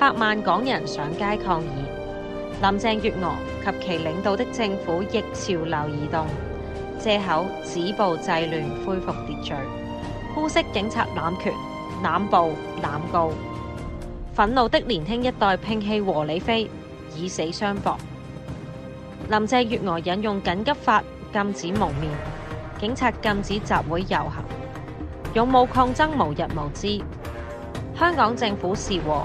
百萬港人上街抗議，林鄭月娥及其領導的政府逆潮流移動，借口止暴制亂恢復秩序，污衊警察濫權、濫暴、濫告。憤怒的年輕一代拼氣和理非，以死相搏。林鄭月娥引用緊急法禁止蒙面，警察禁止集會遊行，勇武抗爭無日無之。香港政府是和。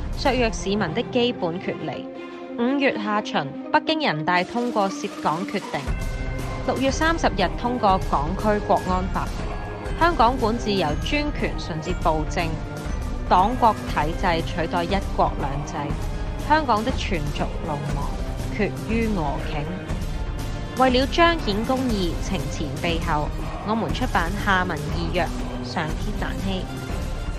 削弱市民的基本權利。五月下旬，北京人大通過涉港決定；六月三十日通過港區國安法。香港管治由專權順至暴政，黨國體制取代一國兩制。香港的全族龍亡，決於俄頃。為了彰顯公義，懲前毖後，我們出版下文異約，上天難欺。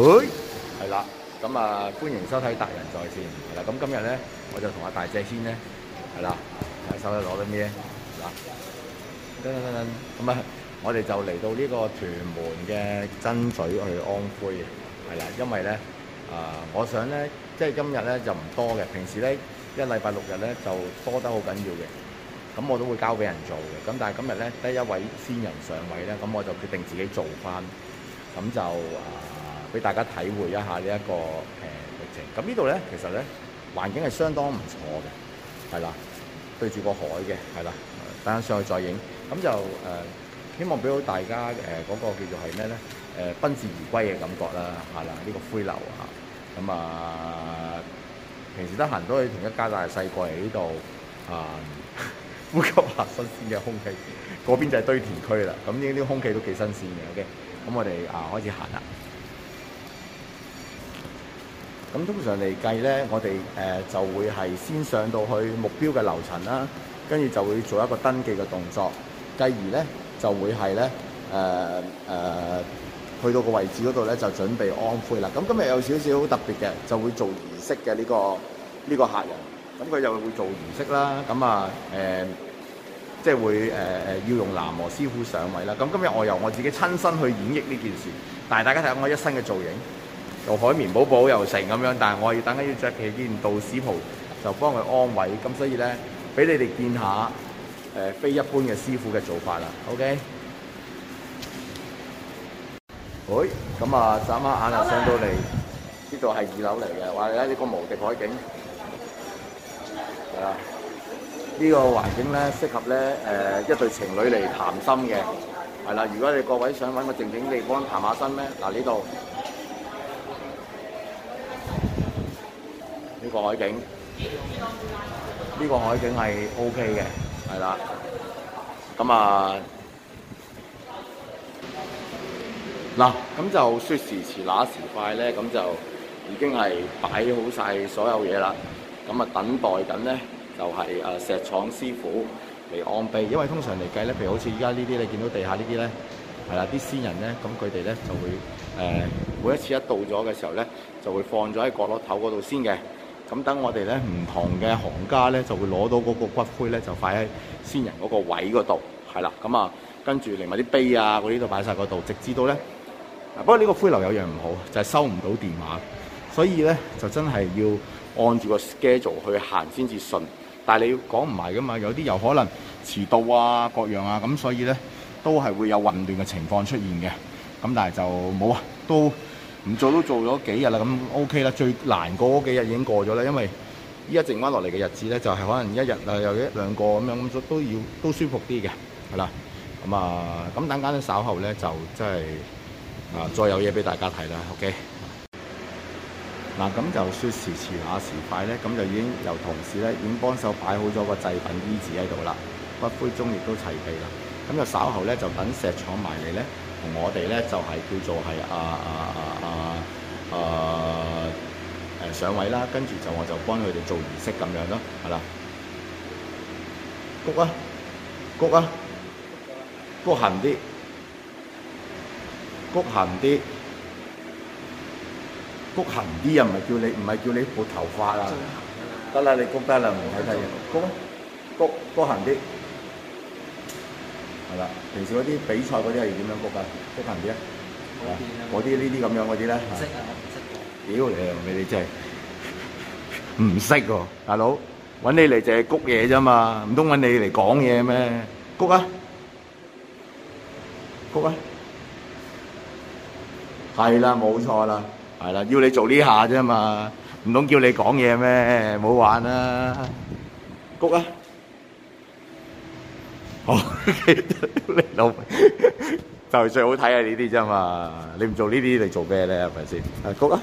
喂，係啦，咁啊，歡迎收睇《達仁在線》。係啦，咁今日咧，我就同阿大隻軒咧，係啦，手度攞啲咩？嗱，等等等等，咁啊，我哋就嚟到呢個屯門嘅真水去安徽嘅，係啦，因為咧啊，我想咧，即係今日咧就唔多嘅，平時咧一禮拜六日咧就多得好緊要嘅，咁我都會交俾人做嘅，咁但係今日咧得一位先人上位咧，咁我就決定自己做翻，咁就啊。俾大家體會一下呢一個誒旅程。咁呢度咧，其實咧環境係相當唔錯嘅，係啦，對住個海嘅，係啦，等下上去再影。咁就、呃、希望俾到大家嗰、呃那個叫做係咩咧？誒、呃，賓至如歸嘅感覺啦，係啦，呢、這個灰樓嚇。咁啊，啊，平時得閒都可以同一家大細過嚟呢度啊，呼吸下新鮮嘅空氣。嗰邊就係堆填區啦，咁呢啲空氣都幾新鮮嘅。OK，咁我哋啊開始行啦、啊。咁通常嚟計咧，我哋就會係先上到去目標嘅樓層啦，跟住就會做一個登記嘅動作，繼而咧就會係咧去到個位置嗰度咧就準備安灰啦。咁今日有少少好特別嘅，就會做儀式嘅呢個呢個客人，咁佢又會做儀式啦。咁啊即係會要用喃嘸師傅上位啦。咁今日我由我自己親身去演繹呢件事，但大家睇下我一身嘅造型。又海綿寶寶又成咁樣，但係我要等緊要著佢件道士袍，就幫佢安慰。咁所以咧，俾你哋見下誒非一般嘅師傅嘅做法啦。OK。好，咁啊眨下眼啊上到嚟，呢度係二樓嚟嘅，話你睇呢個無敵海景係啦。呢個環境咧適合咧誒一對情侶嚟談心嘅。係啦，如果你各位想揾個靜靜地方談下心咧，嗱呢度。這個海景呢個海景係 O K 嘅，係啦。咁啊嗱，咁就說時遲那時快咧，咁、嗯、就已經係擺好晒所有嘢啦。咁、嗯就是、啊，等待緊咧，就係誒石廠師傅嚟安備，因為通常嚟計咧，譬如好似依家呢啲你見到地下這些呢啲咧，係啦啲先人咧，咁佢哋咧就會誒、呃、每一次一到咗嘅時候咧，就會放咗喺角落頭嗰度先嘅。咁等我哋咧，唔同嘅行家咧，就會攞到嗰個骨灰咧，就擺喺先人嗰個位嗰度，係啦，咁啊，跟住另埋啲碑啊，嗰啲都擺曬嗰度，直至到咧。不過呢個灰流有樣唔好，就係收唔到電話，所以咧就真係要按住個 schedule 去行先至順。但係你要講唔埋㗎嘛，有啲又可能遲到啊，各樣啊，咁所以咧都係會有混亂嘅情況出現嘅。咁但係就冇啊，都。唔做都做咗幾日啦，咁 OK 啦。最難過嗰幾日已經過咗啦，因為依家剩翻落嚟嘅日子咧，就係可能一日啊又一兩個咁樣，都都要都舒服啲嘅，係啦。咁啊，咁等間咧稍後咧就真係啊再有嘢俾大家睇啦。OK。嗱，咁就説時遲那時快咧，咁就已經由同事咧已經幫手擺好咗個祭品衣紙喺度啦。骨灰盅亦都齊備啦。咁就稍後咧就等石廠埋嚟咧。同我哋咧就係叫做係啊啊啊啊誒上位啦，跟住就我就幫佢哋做儀式咁樣咯，係啦，鞠啊鞠啊鞠行啲，鞠行啲，鞠行啲啊，唔係叫你唔係叫你撥頭髮啊，得啦，你鞠得啦，唔係睇睇鞠啦鞠鞠行啲。係啦，平時嗰啲比賽嗰啲係要點樣谷㗎？谷盤子啊！嗰啲呢啲咁樣嗰啲咧，唔識啊！唔識㗎！屌你啊！咪你真係唔識喎，大佬搵你嚟就係谷嘢啫嘛，唔通搵你嚟講嘢咩？谷啊！谷啊！係啦，冇錯啦，係啦，要你做呢下啫嘛，唔通叫你講嘢咩？唔好玩啦！谷啊！哦、okay, 就是啊，你老、okay, 你，就最好睇啊！呢啲啫嘛，你唔做呢啲你做咩咧？係咪先？啊，谷啊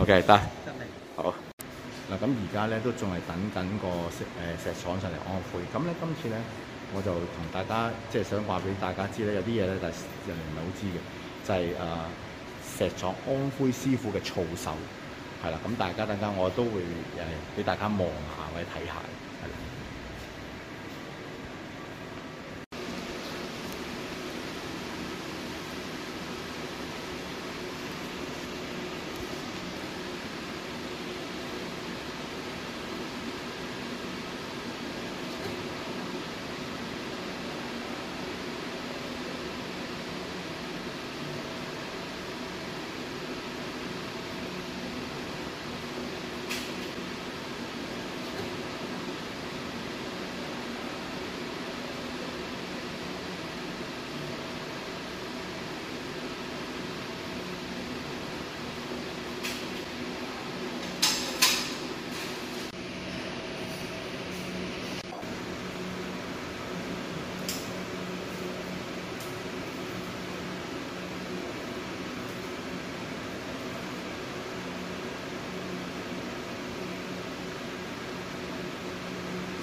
，OK，得，好。咁而家咧都仲係等等個石誒石廠上嚟安灰，咁咧今次咧我就同大家即係想話俾大家知咧，有啲嘢咧但係人哋唔係好知嘅，就係誒石廠安灰師傅嘅操守。係啦，咁大家等陣我都會誒俾大家望下或者睇下，係。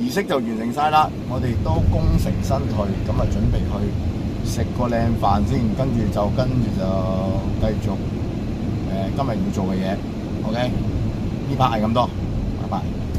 儀式就完成晒啦，我哋都功成身退，咁啊準備去食個靚飯先，跟住就跟住就繼續誒、呃、今日要做嘅嘢，OK，呢排 a 係咁多，拜拜。